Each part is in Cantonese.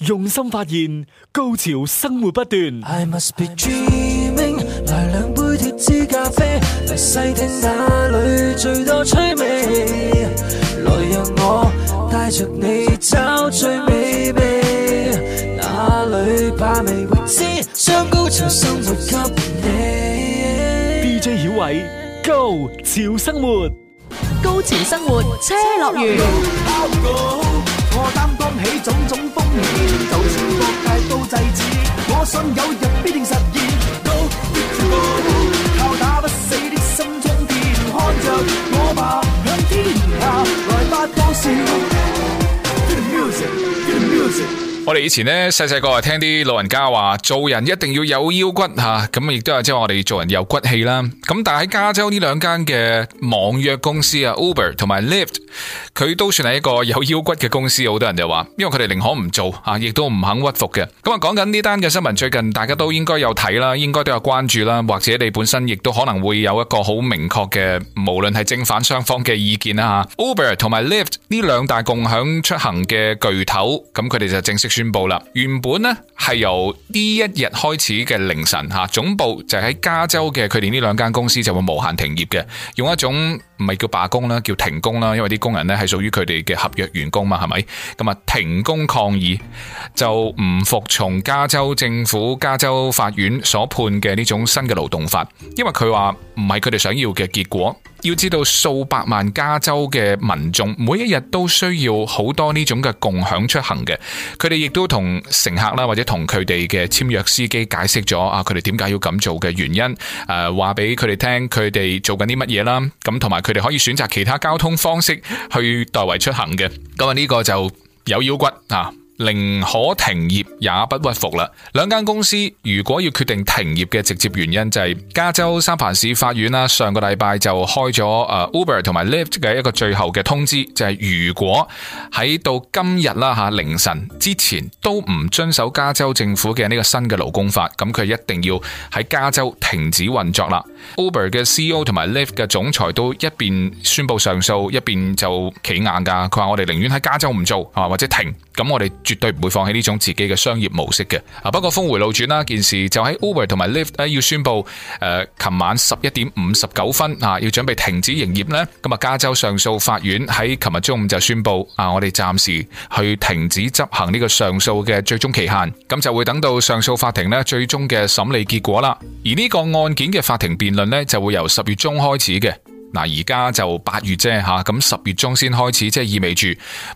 用心發現，高潮生活不斷。I must be dreaming，來兩杯脫脂咖啡，嚟細聽那裏最多趣味。來讓我帶着你找最美味，哪裏把味未知，將高潮生活給你。DJ 小偉，Go，潮生活，高潮生活車樂園。我擔當起種種風險，就算各界都制止，我想有日必定實現。高高靠打不死的心中跳，看着我吧，讓天下來發狂笑。我哋以前呢，細細個啊，聽啲老人家話，做人一定要有腰骨吓，咁亦都係即係我哋做人有骨氣啦。咁、啊、但係喺加州呢兩間嘅網約公司啊，Uber 同埋 Lyft，佢都算係一個有腰骨嘅公司。好多人就話，因為佢哋寧可唔做啊，亦都唔肯屈服嘅。咁啊，講緊呢單嘅新聞，最近大家都應該有睇啦，應該都有關注啦，或者你本身亦都可能會有一個好明確嘅，無論係正反雙方嘅意見啦吓、啊。Uber 同埋 Lyft 呢兩大共享出行嘅巨頭，咁佢哋就正式。宣布啦，原本呢係由呢一日開始嘅凌晨吓，總部就喺加州嘅佢哋呢兩間公司就會無限停業嘅，用一種唔係叫罷工啦，叫停工啦，因為啲工人呢係屬於佢哋嘅合約員工嘛，係咪？咁啊，停工抗議就唔服從加州政府、加州法院所判嘅呢種新嘅勞動法，因為佢話唔係佢哋想要嘅結果。要知道數百萬加州嘅民眾每一日都需要好多呢種嘅共享出行嘅，佢哋。亦都同乘客啦，或者同佢哋嘅簽約司機解釋咗啊，佢哋點解要咁做嘅原因。誒、呃，話俾佢哋聽，佢哋做緊啲乜嘢啦。咁同埋佢哋可以選擇其他交通方式去代為出行嘅。咁啊，呢個就有腰骨啊。寧可停業也不屈服啦！兩間公司如果要決定停業嘅直接原因，就係加州三藩市法院啦。上個禮拜就開咗誒 Uber 同埋 Lyft 嘅一個最後嘅通知，就係如果喺到今日啦吓凌晨之前都唔遵守加州政府嘅呢個新嘅勞工法，咁佢一定要喺加州停止運作啦。Uber 嘅 CEO 同埋 Lyft 嘅總裁都一邊宣布上訴，一邊就企硬噶。佢話我哋寧願喺加州唔做啊，或者停。咁我哋絕對唔會放棄呢種自己嘅商業模式嘅。啊，不過峰回路轉啦，件事就喺 Uber 同埋 Lyft 要宣布，誒、呃，琴晚十一點五十九分啊，要準備停止營業呢。咁啊，加州上訴法院喺琴日中午就宣布，啊，我哋暫時去停止執行呢個上訴嘅最終期限，咁就會等到上訴法庭咧最終嘅審理結果啦。而呢個案件嘅法庭辯論呢，就會由十月中開始嘅。嗱，而家就八月啫吓，咁十月中先開始，即係意味住，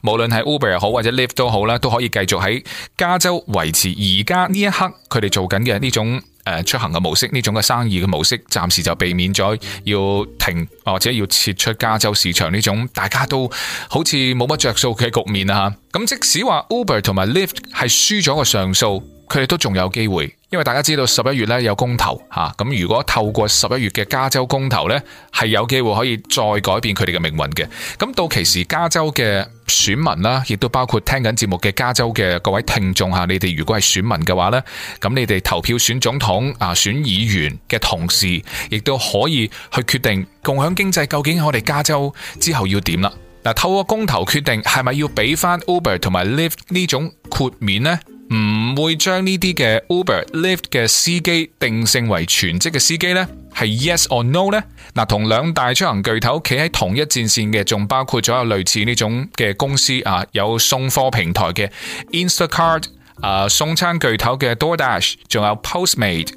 無論係 Uber 又好或者 Lift 都好啦，都可以繼續喺加州維持而家呢一刻佢哋做緊嘅呢種誒出行嘅模式，呢種嘅生意嘅模式，暫時就避免咗要停或者要撤出加州市場呢種，大家都好似冇乜着數嘅局面啊。咁即使話 Uber 同埋 Lift 係輸咗個上訴。佢哋都仲有機會，因為大家知道十一月咧有公投吓，咁、啊、如果透過十一月嘅加州公投咧，係有機會可以再改變佢哋嘅命運嘅。咁到其時加州嘅選民啦，亦都包括聽緊節目嘅加州嘅各位聽眾吓，你哋如果係選民嘅話咧，咁你哋投票選總統啊選議員嘅同時，亦都可以去決定共享經濟究竟我哋加州之後要點啦。嗱、啊，透過公投決定係咪要俾翻 Uber 同埋 Lyft 呢種豁免咧？唔會將呢啲嘅 Uber、Lyft 嘅司機定性為全職嘅司機呢？係 yes or no 呢？嗱，同兩大出行巨頭企喺同一戰線嘅，仲包括咗有類似呢種嘅公司啊，有送貨平台嘅 Instacart，啊、呃、送餐巨頭嘅 DoorDash，仲有 Postmate，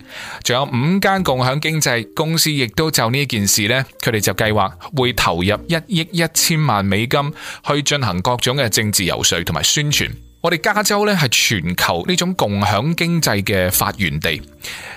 仲有五間共享經濟公司，亦都就呢件事呢，佢哋就計劃會投入一億一千萬美金去進行各種嘅政治遊說同埋宣傳。我哋加州咧，係全球呢種共享經濟嘅發源地，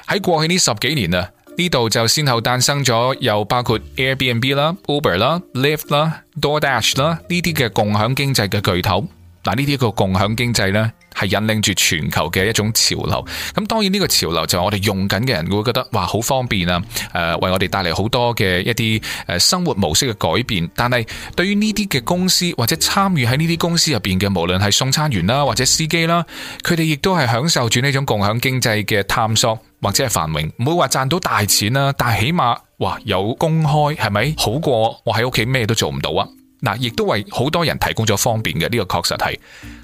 喺過去呢十幾年啊，呢度就先後誕生咗，有包括 Airbnb 啦、Uber 啦、Lyft 啦、DoorDash 啦呢啲嘅共享經濟嘅巨頭。嗱，呢啲個共享經濟呢，係引領住全球嘅一種潮流。咁當然呢個潮流就係我哋用緊嘅人會覺得哇，好方便啊！誒、呃，為我哋帶嚟好多嘅一啲誒生活模式嘅改變。但係對於呢啲嘅公司或者參與喺呢啲公司入邊嘅，無論係送餐員啦或者司機啦，佢哋亦都係享受住呢種共享經濟嘅探索或者係繁榮。唔會話賺到大錢啦、啊，但係起碼哇有工開係咪好過我喺屋企咩都做唔到啊？嗱，亦都為好多人提供咗方便嘅，呢、這個確實係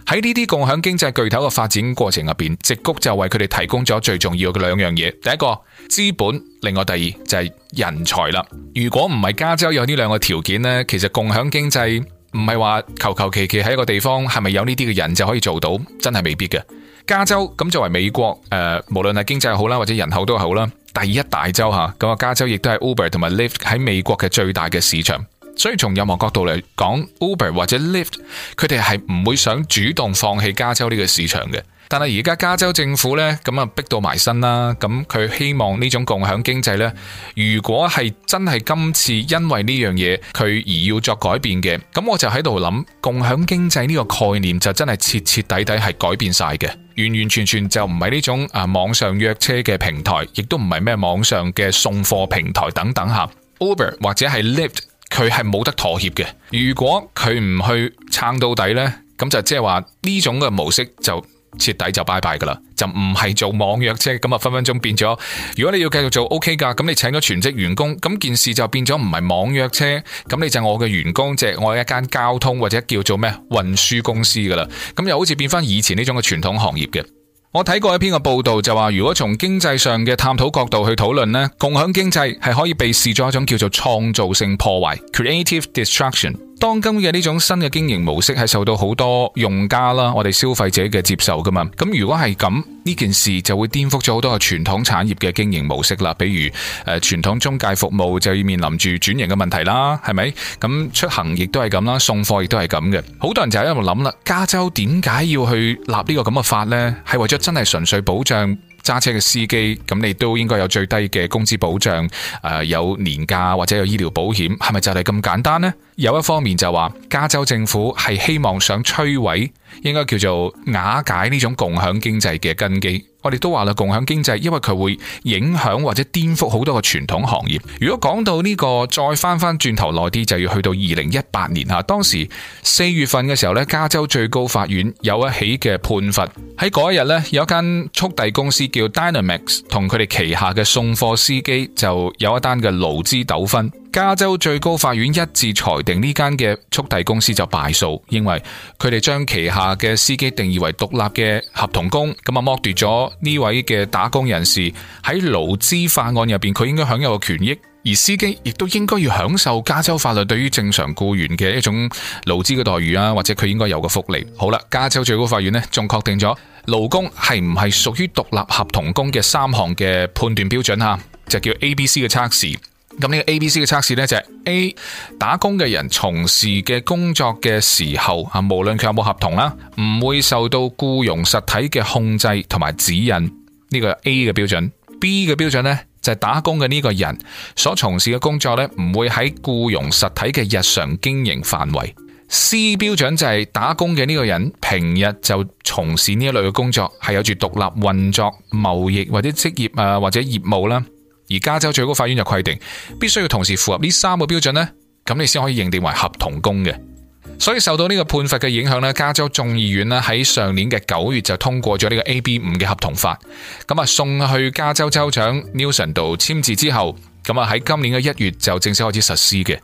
喺呢啲共享經濟巨頭嘅發展過程入邊，矽谷就為佢哋提供咗最重要嘅兩樣嘢。第一個資本，另外第二就係、是、人才啦。如果唔係加州有呢兩個條件呢，其實共享經濟唔係話求求其其喺一個地方係咪有呢啲嘅人就可以做到，真係未必嘅。加州咁作為美國誒、呃，無論係經濟好啦，或者人口都好啦，第一大州吓，咁啊加州亦都係 Uber 同埋 Lyft 喺美國嘅最大嘅市場。所以從任何角度嚟講，Uber 或者 Lyft，佢哋係唔會想主動放棄加州呢個市場嘅。但係而家加州政府呢，咁啊逼到埋身啦，咁佢希望呢種共享經濟呢，如果係真係今次因為呢樣嘢佢而要作改變嘅，咁我就喺度諗，共享經濟呢個概念就真係徹徹底底係改變晒嘅，完完全全就唔係呢種啊網上約車嘅平台，亦都唔係咩網上嘅送貨平台等等吓，Uber 或者係 Lyft 佢係冇得妥協嘅，如果佢唔去撐到底呢，咁就即係話呢種嘅模式就徹底就拜拜噶啦，就唔係做網約車咁啊，分分鐘變咗。如果你要繼續做 OK 噶，咁你請咗全職員工，咁件事就變咗唔係網約車，咁你就我嘅員工，即係我一間交通或者叫做咩運輸公司噶啦，咁又好似變翻以前呢種嘅傳統行業嘅。我睇過一篇個報導就話，如果從經濟上嘅探討角度去討論呢，共享經濟係可以被視作一種叫做創造性破壞 （creative destruction）。當今嘅呢種新嘅經營模式係受到好多用家啦，我哋消費者嘅接受㗎嘛。咁如果係咁，呢件事就會顛覆咗好多嘅傳統產業嘅經營模式啦。比如誒，呃，傳統中介服務就要面臨住轉型嘅問題啦，係咪？咁出行亦都係咁啦，送貨亦都係咁嘅。好多人就喺度諗啦，加州點解要去立呢個咁嘅法呢？係為咗真係純粹保障。揸車嘅司機，咁你都應該有最低嘅工資保障，誒，有年假或者有醫療保險，係咪就係咁簡單呢？有一方面就話，加州政府係希望想摧毀，應該叫做瓦解呢種共享經濟嘅根基。我哋都話啦，共享經濟，因為佢會影響或者顛覆好多個傳統行業。如果講到呢個，再翻翻轉頭耐啲，就要去到二零一八年啊。當時四月份嘅時候咧，加州最高法院有一起嘅判罰。喺嗰一日呢，有一間速遞公司叫 Dynamex，同佢哋旗下嘅送貨司機就有一單嘅勞資糾紛。加州最高法院一致裁定呢間嘅速遞公司就敗訴，因為佢哋將旗下嘅司機定義為獨立嘅合同工，咁啊剝奪咗呢位嘅打工人士喺勞資法案入邊佢應該享有嘅權益，而司機亦都應該要享受加州法律對於正常僱員嘅一種勞資嘅待遇啊，或者佢應該有嘅福利。好啦，加州最高法院呢仲確定咗勞工係唔係屬於獨立合同工嘅三項嘅判斷標準吓，就叫 A、B、C 嘅測試。咁呢個 A、B、C 嘅測試呢，就係 A 打工嘅人從事嘅工作嘅時候啊，無論佢有冇合同啦，唔會受到僱傭實體嘅控制同埋指引。呢個 A 嘅標準。B 嘅標準呢，就係打工嘅呢個人所從事嘅工作呢，唔會喺僱傭實體嘅日常經營範圍。C 標準就係打工嘅呢個人平日就從事呢一類嘅工作，係有住獨立運作、貿易或者職業啊或者業務啦。而加州最高法院就規定，必須要同時符合呢三個標準呢，咁你先可以認定為合同工嘅。所以受到呢個判罰嘅影響咧，加州眾議院咧喺上年嘅九月就通過咗呢個 A B 五嘅合同法，咁啊送去加州州長 Newsom 度簽字之後，咁啊喺今年嘅一月就正式開始實施嘅。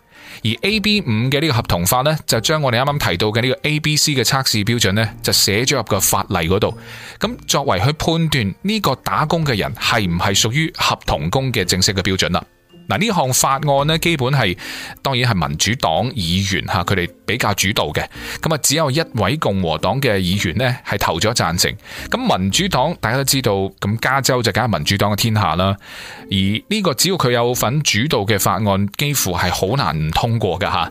而 AB 五嘅呢個合同法呢，就將我哋啱啱提到嘅呢個 ABC 嘅測試標準呢，就寫咗入個法例嗰度。咁作為去判斷呢個打工嘅人係唔係屬於合同工嘅正式嘅標準啦。嗱，呢項法案咧，基本係當然係民主黨議員嚇佢哋比較主導嘅，咁啊，只有一位共和黨嘅議員咧係投咗贊成。咁民主黨大家都知道，咁加州就梗係民主黨嘅天下啦。而呢個只要佢有份主導嘅法案，幾乎係好難唔通過嘅嚇。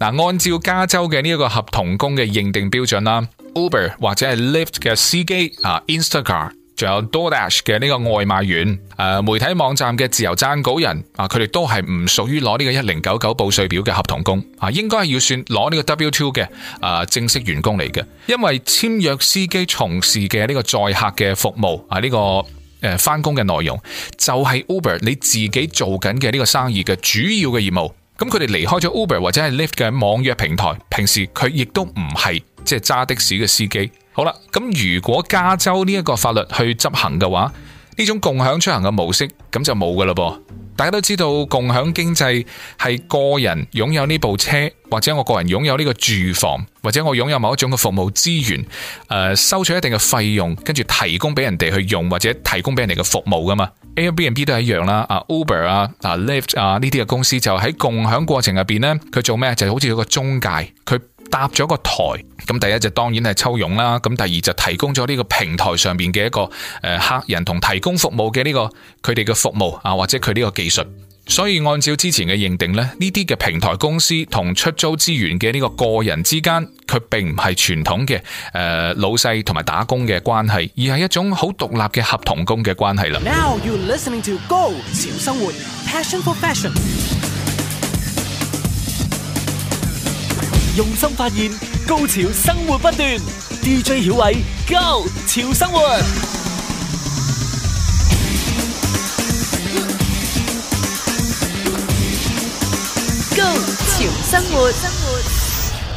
嗱，按照加州嘅呢一個合同工嘅認定標準啦，Uber 或者係 Lyft 嘅司機啊，Instacart。仲有 DoorDash 嘅呢個外賣員，誒、啊，媒體網站嘅自由撰稿人，啊，佢哋都係唔屬於攞呢個一零九九報稅表嘅合同工，啊，應該係要算攞呢個 W two 嘅誒正式員工嚟嘅，因為簽約司機從事嘅呢個載客嘅服務，啊，呢、這個誒返工嘅內容就係、是、Uber 你自己做緊嘅呢個生意嘅主要嘅業務，咁佢哋離開咗 Uber 或者係 Lyft 嘅網約平台，平時佢亦都唔係即係揸的士嘅司機。好啦，咁如果加州呢一個法律去執行嘅話，呢種共享出行嘅模式咁就冇噶啦噃。大家都知道共享經濟係個人擁有呢部車，或者我個人擁有呢個住房，或者我擁有某一種嘅服務資源，誒、呃、收取一定嘅費用，跟住提供俾人哋去用，或者提供俾人哋嘅服務噶嘛。Airbnb 都係一樣啦，Uber, Lyft，啊 Uber 啊啊 Lyft 啊呢啲嘅公司就喺共享過程入邊呢，佢做咩？就好似有一個中介，佢。搭咗個台，咁第一就當然係抽佣啦，咁第二就提供咗呢個平台上邊嘅一個誒客、呃、人同提供服務嘅呢、呢個佢哋嘅服務啊，或者佢呢個技術。所以按照之前嘅認定咧，呢啲嘅平台公司同出租資源嘅呢個個人之間，佢並唔係傳統嘅誒、呃、老細同埋打工嘅關係，而係一種好獨立嘅合同工嘅關係啦。用心發現高潮生活不斷，DJ 曉偉 Go 潮生活，Go 潮生活生活。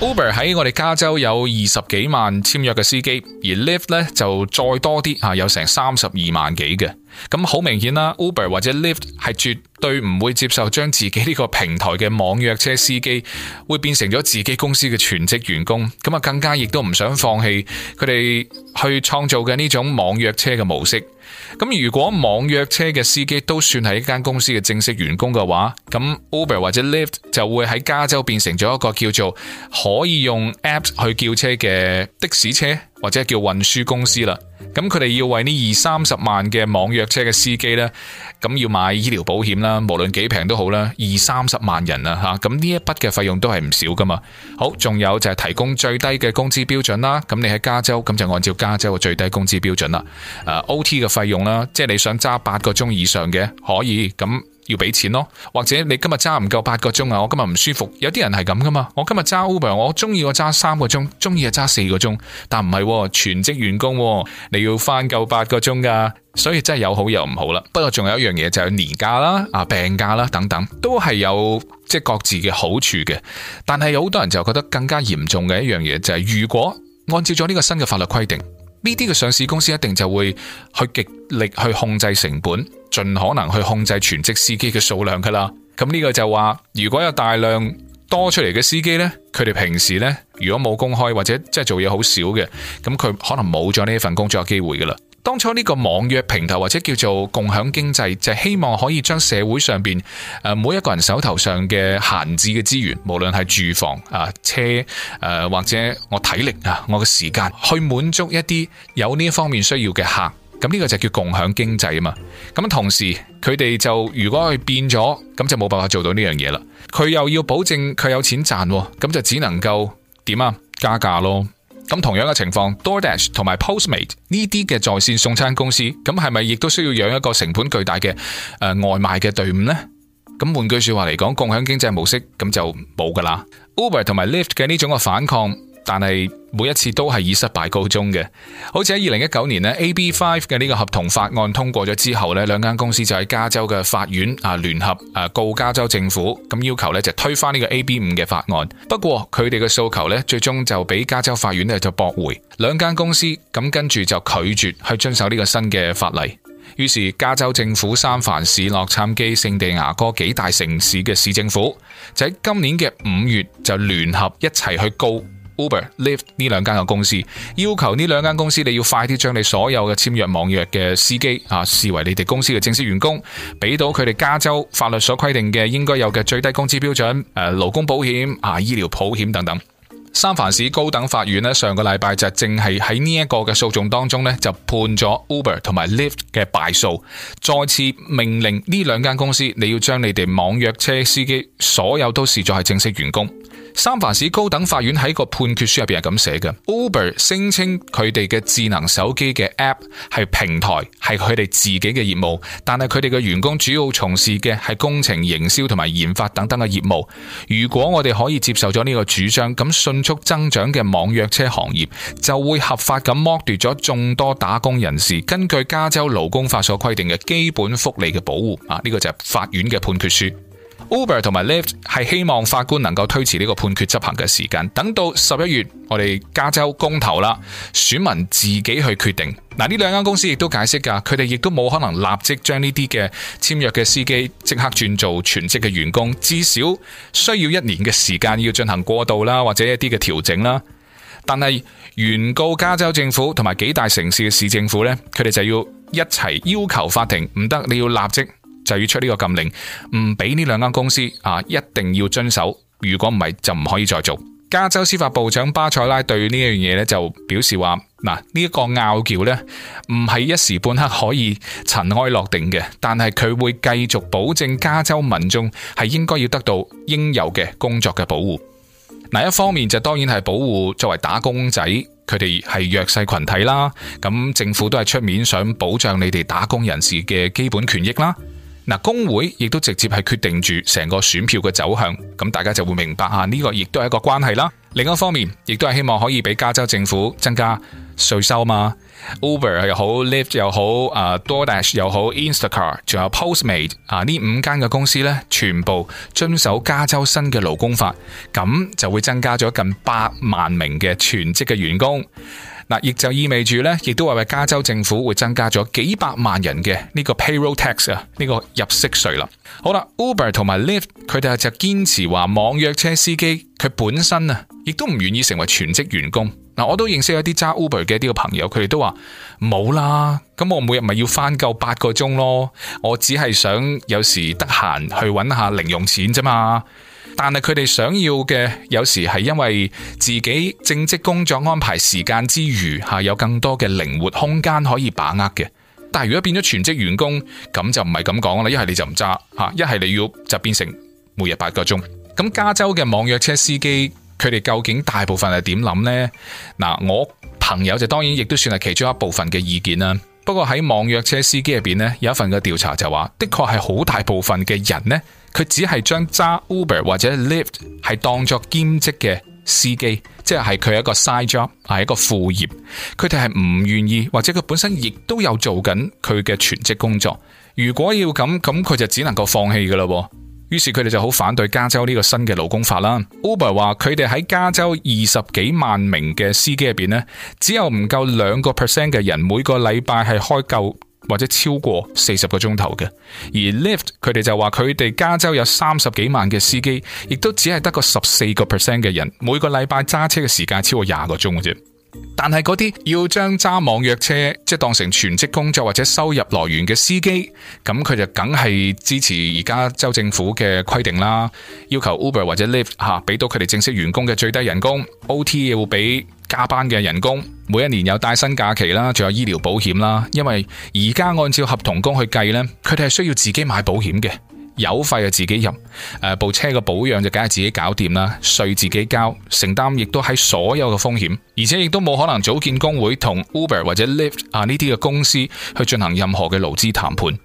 Uber 喺我哋加州有二十幾萬簽約嘅司機，而 Lyft 咧，就再多啲吓，有成三十二萬幾嘅。咁好明顯啦，Uber 或者 Lyft 係絕對唔會接受將自己呢個平台嘅網約車司機會變成咗自己公司嘅全職員工。咁啊，更加亦都唔想放棄佢哋去創造嘅呢種網約車嘅模式。咁如果網約車嘅司機都算係一間公司嘅正式員工嘅話，咁 Uber 或者 Lyft 就會喺加州變成咗一個叫做可以用 Apps 去叫車嘅的的士車。或者叫運輸公司啦，咁佢哋要為呢二三十萬嘅網約車嘅司機呢，咁要買醫療保險啦，無論幾平都好啦，二三十萬人啊，吓，咁呢一筆嘅費用都係唔少噶嘛。好，仲有就係提供最低嘅工資標準啦，咁你喺加州咁就按照加州嘅最低工資標準啦。啊，OT 嘅費用啦，即係你想揸八個鐘以上嘅可以咁。要俾錢咯，或者你今日揸唔夠八個鐘啊，我今日唔舒服，有啲人係咁噶嘛。我今日揸 Uber，我中意，我揸三個鐘，中意就揸四個鐘，但唔係全職員工，你要翻夠八個鐘噶，所以真係有好有唔好啦。不過仲有一樣嘢就係年假啦、啊病假啦等等，都係有即各自嘅好處嘅。但係有好多人就覺得更加嚴重嘅一樣嘢就係，如果按照咗呢個新嘅法律規定，呢啲嘅上市公司一定就會去極力去控制成本。盡可能去控制全職司機嘅數量噶啦，咁、這、呢個就話，如果有大量多出嚟嘅司機呢，佢哋平時呢，如果冇工開或者即係做嘢好少嘅，咁佢可能冇咗呢一份工作機會噶啦。當初呢個網約平台或者叫做共享經濟，就係、希望可以將社會上邊誒每一個人手頭上嘅閒置嘅資源，無論係住房啊、車誒、啊、或者我體力啊、我嘅時間，去滿足一啲有呢方面需要嘅客。咁呢個就叫共享經濟啊嘛，咁同時佢哋就如果佢變咗，咁就冇辦法做到呢樣嘢啦。佢又要保證佢有錢賺，咁就只能夠點啊加價咯。咁同樣嘅情況，DoorDash 同埋 Postmate 呢啲嘅在線送餐公司，咁係咪亦都需要養一個成本巨大嘅誒、呃、外賣嘅隊伍呢？咁換句話說話嚟講，共享經濟模式咁就冇噶啦。Uber 同埋 Lyft 嘅呢種嘅反抗。但係每一次都係以失敗告終嘅，好似喺二零一九年呢 A.B. Five 嘅呢個合同法案通過咗之後呢，兩間公司就喺加州嘅法院啊聯合誒告加州政府，咁要求呢就推翻呢個 A.B. 五嘅法案。不過佢哋嘅訴求呢，最終就俾加州法院呢就駁回，兩間公司咁跟住就拒絕去遵守呢個新嘅法例。於是加州政府三藩市，洛杉磯、聖地牙哥幾大城市嘅市政府就喺今年嘅五月就聯合一齊去告，Uber、Lyft 呢兩間嘅公司，要求呢兩間公司，你要快啲將你所有嘅簽約網約嘅司機啊，視為你哋公司嘅正式員工，俾到佢哋加州法律所規定嘅應該有嘅最低工資標準、誒勞工保險啊、醫療保險等等。三藩市高等法院咧上個禮拜就正係喺呢一個嘅訴訟當中咧就判咗 Uber 同埋 Lyft 嘅敗訴，再次命令呢兩間公司你要將你哋網約車司機所有都視作係正式員工。三藩市高等法院喺個判決書入邊係咁寫嘅：Uber 聲稱佢哋嘅智能手機嘅 App 係平台係佢哋自己嘅業務，但係佢哋嘅員工主要從事嘅係工程、營銷同埋研發等等嘅業務。如果我哋可以接受咗呢個主張，咁信。迅速增長嘅網約車行業就會合法咁剝奪咗眾多打工人士根據加州勞工法所規定嘅基本福利嘅保護啊！呢個就係法院嘅判決書。Uber 同埋 Lyft 係希望法官能夠推遲呢個判決執行嘅時間，等到十一月我哋加州公投啦，選民自己去決定。嗱，呢兩間公司亦都解釋噶，佢哋亦都冇可能立即將呢啲嘅簽約嘅司機即刻轉做全職嘅員工，至少需要一年嘅時間要進行過渡啦，或者一啲嘅調整啦。但係原告加州政府同埋幾大城市嘅市政府呢，佢哋就要一齊要求法庭唔得，你要立即。就要出呢個禁令，唔俾呢兩間公司啊，一定要遵守。如果唔係，就唔可以再做。加州司法部長巴塞拉對呢樣嘢呢就表示話：，嗱呢一個拗撬呢，唔係一時半刻可以塵埃落定嘅。但係佢會繼續保證加州民眾係應該要得到應有嘅工作嘅保護。嗱，一方面就當然係保護作為打工仔，佢哋係弱勢群體啦。咁政府都係出面想保障你哋打工人士嘅基本權益啦。嗱，工會亦都直接係決定住成個選票嘅走向，咁大家就會明白啊，呢、這個亦都係一個關係啦。另一方面，亦都係希望可以俾加州政府增加稅收嘛。Uber 又好 l i f t 又好，啊，DoorDash 又好 i n s t a c a r 仲有 Postmate 啊，呢五間嘅公司呢，全部遵守加州新嘅勞工法，咁就會增加咗近百萬名嘅全職嘅員工。亦就意味住咧，亦都話為加州政府會增加咗幾百萬人嘅呢個 payroll tax 啊，呢個入息稅啦。好啦，Uber 同埋 Lyft，佢哋就堅持話網約車司機，佢本身啊，亦都唔願意成為全職員工。嗱，我都認識有啲揸 Uber 嘅呢個朋友，佢哋都話冇啦，咁我每日咪要返夠八個鐘咯，我只係想有時得閒去揾下零用錢咋嘛。但係佢哋想要嘅，有時係因為自己正職工作安排時間之餘，吓、啊、有更多嘅靈活空間可以把握嘅。但係如果變咗全職員工，咁就唔係咁講啦。一係你就唔揸，吓，一係你要就變成每日八個鐘。咁加州嘅網約車司機，佢哋究竟大部分係點諗呢？嗱、啊，我朋友就當然亦都算係其中一部分嘅意見啦。不過喺網約車司機入邊咧，有一份嘅調查就話，的確係好大部分嘅人呢。佢只係將揸 Uber 或者 Lift 係當作兼職嘅司機，即係佢一個 side job，係一個副業。佢哋係唔願意，或者佢本身亦都有做緊佢嘅全職工作。如果要咁，咁佢就只能夠放棄噶啦。於是佢哋就好反對加州呢個新嘅勞工法啦。Uber 話佢哋喺加州二十幾萬名嘅司機入邊呢，只有唔夠兩個 percent 嘅人每個禮拜係開夠。或者超過四十個鐘頭嘅，而 Lift 佢哋就話佢哋加州有三十幾萬嘅司機，亦都只係得個十四個 percent 嘅人，每個禮拜揸車嘅時間超過廿個鐘嘅啫。但係嗰啲要將揸網約車即係當成全職工作或者收入來源嘅司機，咁佢就梗係支持而家州政府嘅規定啦，要求 Uber 或者 Lyft 吓俾到佢哋正式員工嘅最低人工，OT 要俾加班嘅人工，每一年有帶薪假期啦，仲有醫療保險啦。因為而家按照合同工去計呢，佢哋係需要自己買保險嘅。油費啊自己入，誒、啊、部車嘅保養就梗係自己搞掂啦，稅自己交，承擔亦都喺所有嘅風險，而且亦都冇可能組建工會同 Uber 或者 Lyft 啊呢啲嘅公司去進行任何嘅勞資談判。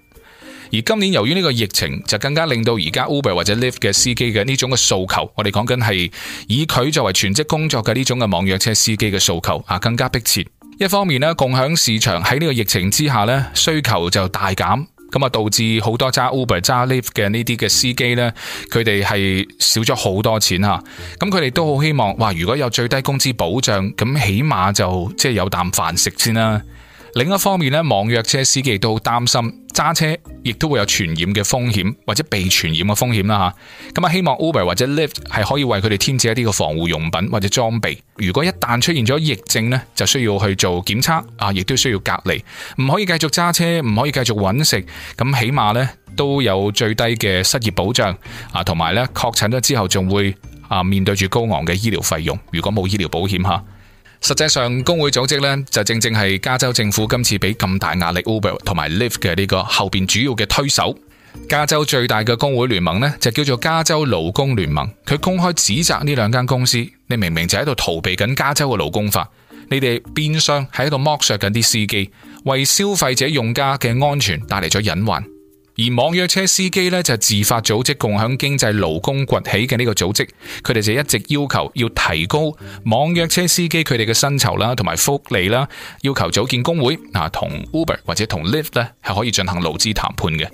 而今年由於呢個疫情，就更加令到而家 Uber 或者 Lyft 嘅司機嘅呢種嘅訴求，我哋講緊係以佢作為全職工作嘅呢種嘅網約車司機嘅訴求啊，更加迫切。一方面咧，共享市場喺呢個疫情之下咧，需求就大減。咁啊，導致好多揸 Uber、揸 Lyft 嘅呢啲嘅司機咧，佢哋係少咗好多錢嚇。咁佢哋都好希望，哇！如果有最低工資保障，咁起碼就即係有啖飯食先啦。另一方面咧，網約車司機都好擔心揸車，亦都會有傳染嘅風險或者被傳染嘅風險啦吓。咁啊，希望 Uber 或者 Lyft 係可以為佢哋添置一啲嘅防護用品或者裝備。如果一旦出現咗疫症咧，就需要去做檢測啊，亦都需要隔離，唔可以繼續揸車，唔可以繼續揾食。咁起碼咧都有最低嘅失業保障啊，同埋咧確診咗之後仲會啊面對住高昂嘅醫療費用。如果冇醫療保險吓。實際上工會組織呢就正正係加州政府今次俾咁大壓力 Uber 同埋 Lyft 嘅呢個後邊主要嘅推手。加州最大嘅工會聯盟呢，就叫做加州勞工聯盟，佢公開指責呢兩間公司，你明明就喺度逃避緊加州嘅勞工法，你哋變相喺度剝削緊啲司機，為消費者用家嘅安全帶嚟咗隱患。而網約車司機咧，就自發組織共享經濟勞工崛起嘅呢個組織，佢哋就一直要求要提高網約車司機佢哋嘅薪酬啦，同埋福利啦，要求組建工會啊，同 Uber 或者同 Lyft 咧，係可以進行勞資談判嘅。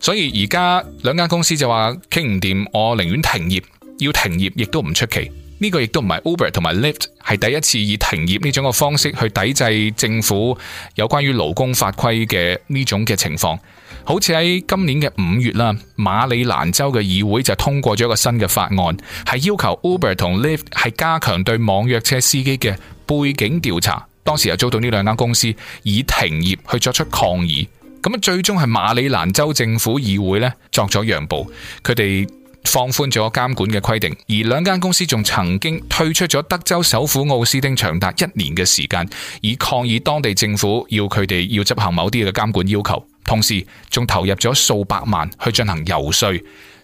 所以而家兩間公司就話傾唔掂，我寧願停業，要停業亦都唔出奇。呢個亦都唔係 Uber 同埋 Lyft 係第一次以停業呢種嘅方式去抵制政府有關於勞工法規嘅呢種嘅情況。好似喺今年嘅五月啦，馬里蘭州嘅議會就通過咗一個新嘅法案，係要求 Uber 同 Lyft 係加強對網約車司機嘅背景調查。當時又遭到呢兩間公司以停業去作出抗議。咁最終係馬里蘭州政府議會呢作咗讓步，佢哋放寬咗監管嘅規定，而兩間公司仲曾經退出咗德州首府奧斯汀長達一年嘅時間，以抗議當地政府要佢哋要執行某啲嘅監管要求，同時仲投入咗數百萬去進行遊說，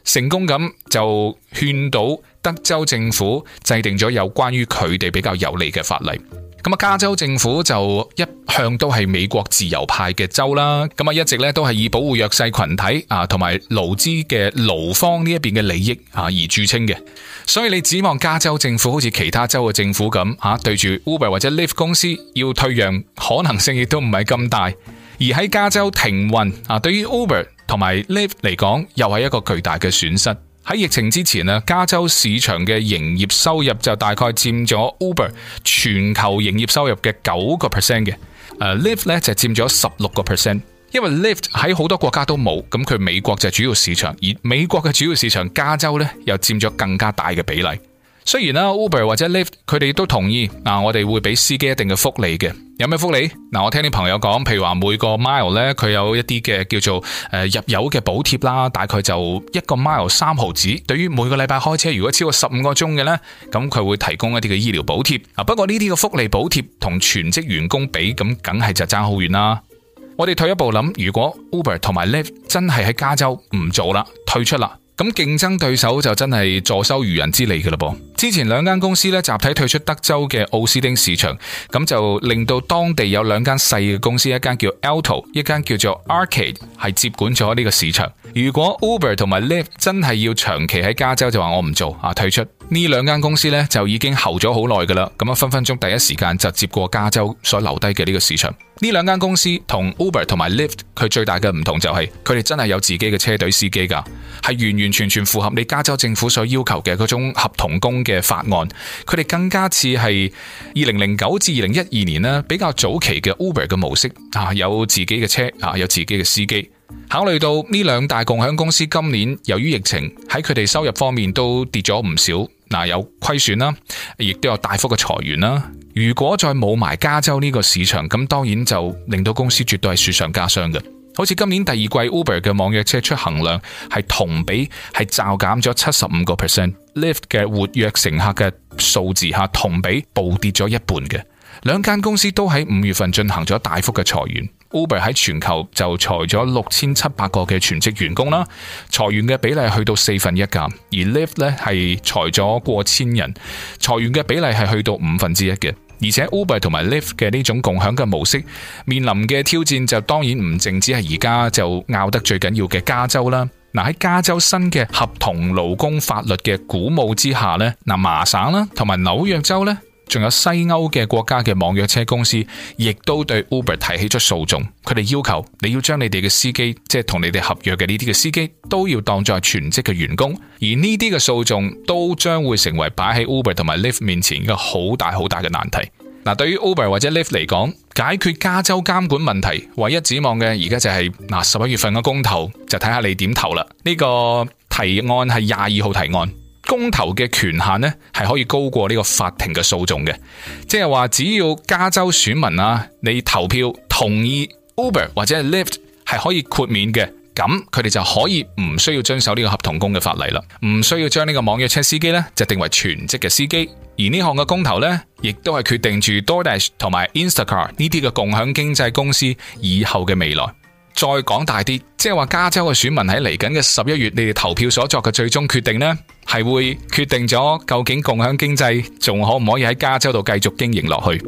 成功咁就勸到德州政府制定咗有關於佢哋比較有利嘅法例。咁啊，加州政府就一向都係美國自由派嘅州啦，咁啊一直咧都係以保護弱勢群體啊，同埋勞資嘅勞方呢一邊嘅利益啊而著稱嘅，所以你指望加州政府好似其他州嘅政府咁吓，對住 Uber 或者 Lyft 公司要退讓，可能性亦都唔係咁大，而喺加州停運啊，對於 Uber 同埋 Lyft 嚟講，又係一個巨大嘅損失。喺疫情之前咧，加州市場嘅營業收入就大概佔咗 Uber 全球營業收入嘅九個 percent 嘅。誒，uh，Lift 咧就佔咗十六個 percent，因為 Lift 喺好多國家都冇，咁佢美國就係主要市場，而美國嘅主要市場加州咧又佔咗更加大嘅比例。雖然啦，Uber 或者 Lyft 佢哋都同意，嗱，我哋會俾司機一定嘅福利嘅。有咩福利？嗱，我聽啲朋友講，譬如話每個 mile 咧，佢有一啲嘅叫做誒入油嘅補貼啦，大概就一個 mile 三毫子。對於每個禮拜開車如果超過十五個鐘嘅咧，咁佢會提供一啲嘅醫療補貼。啊，不過呢啲嘅福利補貼同全職員工比，咁梗係就爭好遠啦。我哋退一步諗，如果 Uber 同埋 Lyft 真係喺加州唔做啦，退出啦。咁競爭對手就真係坐收漁人之利嘅啦噃。之前兩間公司咧，集體退出德州嘅奧斯丁市場，咁就令到當地有兩間細嘅公司，一間叫 Alto，一間叫做 Arcade，係接管咗呢個市場。如果 Uber 同埋 Lyft 真係要長期喺加州就話我唔做啊，退出，呢兩間公司咧，就已經候咗好耐嘅啦，咁啊分分鐘第一時間就接過加州所留低嘅呢個市場。呢兩間公司同 Uber 同埋 Lyft，佢最大嘅唔同就係佢哋真係有自己嘅車隊司機㗎，係完完全全符合你加州政府所要求嘅嗰種合同工嘅法案。佢哋更加似係二零零九至二零一二年呢比較早期嘅 Uber 嘅模式，吓有自己嘅車，吓有自己嘅司機。考慮到呢兩大共享公司今年由於疫情喺佢哋收入方面都跌咗唔少。嗱、嗯，有虧損啦，亦都有大幅嘅裁員啦。如果再冇埋加州呢個市場，咁當然就令到公司絕對係雪上加霜嘅。好似今年第二季 Uber 嘅網約車出行量係同比係驟減咗七十五個 percent，Lyft 嘅活躍乘客嘅數字吓同比暴跌咗一半嘅。兩間公司都喺五月份進行咗大幅嘅裁員。Uber 喺全球就裁咗六千七百個嘅全職員工啦，裁員嘅比例去到四分一噶；而 Lyft 咧係裁咗過千人，裁員嘅比例係去到五分之一嘅。而且 Uber 同埋 Lyft 嘅呢種共享嘅模式面臨嘅挑戰就當然唔淨止係而家就拗得最緊要嘅加州啦。嗱，喺加州新嘅合同勞工法律嘅鼓舞之下呢，嗱，麻省啦同埋紐約州呢。仲有西歐嘅國家嘅網約車公司，亦都對 Uber 提起咗訴訟，佢哋要求你要將你哋嘅司機，即係同你哋合約嘅呢啲嘅司機，都要當作係全職嘅員工。而呢啲嘅訴訟都將會成為擺喺 Uber 同埋 Lyft 面前一個好大好大嘅難題。嗱，呃，對於 Uber 或者 Lyft 嚟講，解決加州監管問題，唯一指望嘅而家就係嗱十一月份嘅公投，就睇下你點投啦。呢，呢個提案係廿二號提案。公投嘅權限呢，係可以高過呢個法庭嘅訴訟嘅，即係話只要加州選民啊，你投票同意 Uber 或者係 Lyft 係可以豁免嘅，咁佢哋就可以唔需要遵守呢個合同工嘅法例啦，唔需要將呢個網約車司機呢就定為全職嘅司機，而呢項嘅公投呢亦都係決定住 DoorDash 同埋 Instacart 呢啲嘅共享經濟公司以後嘅未來。再講大啲，即係話加州嘅選民喺嚟緊嘅十一月，你哋投票所作嘅最終決定呢，係會決定咗究竟共享經濟仲可唔可以喺加州度繼續經營落去？